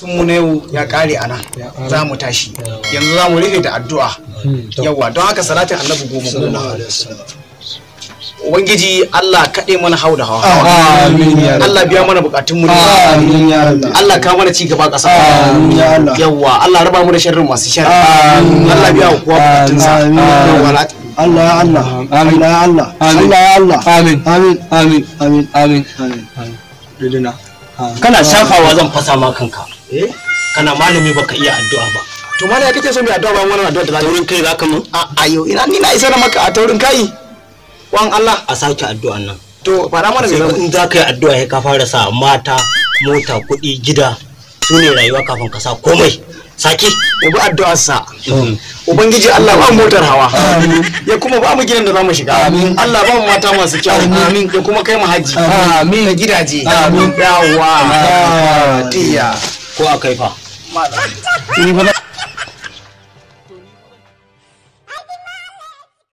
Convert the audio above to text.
sun mu yau ya kare ana za mu tashi yanzu za mu rufe da addu'a hmm, yawa don haka salatin annabi goma goma Ubangiji Allah kaɗe mana hau da hawa. Allah biya mana bukatun mu. Allah ka mana ci gaba ƙasa. Yawwa Allah raba mu da sharrin masu sharri. Allah biya wa kowa bukatunsa. Yawwa Allah ya Allah. Allah ya Allah. Allah ya Allah. Amin. Amin. Amin. Amin. Amin. Amin. Kana shafawa zan fasa ma kanka. Eh? kana malami baka iya addu'a ba to malami ya kake so mai addu'a ba wannan addu'a da taurin kai zaka mun a ayo ina ni na isa na maka a taurin kai wan Allah a sake addu'an nan to fara mana me in za ka yi addu'a ya ka fara sa mata mota kuɗi gida su ne rayuwa kafin ka sa komai sake ubi sa mm. ubangiji Allah ba motar hawa ya kuma ba mu gidan da zamu shiga Allah ba mu mata masu kyau amin ya kuma kai mu haji amin gidaje amin yawa tiya ko a kai fa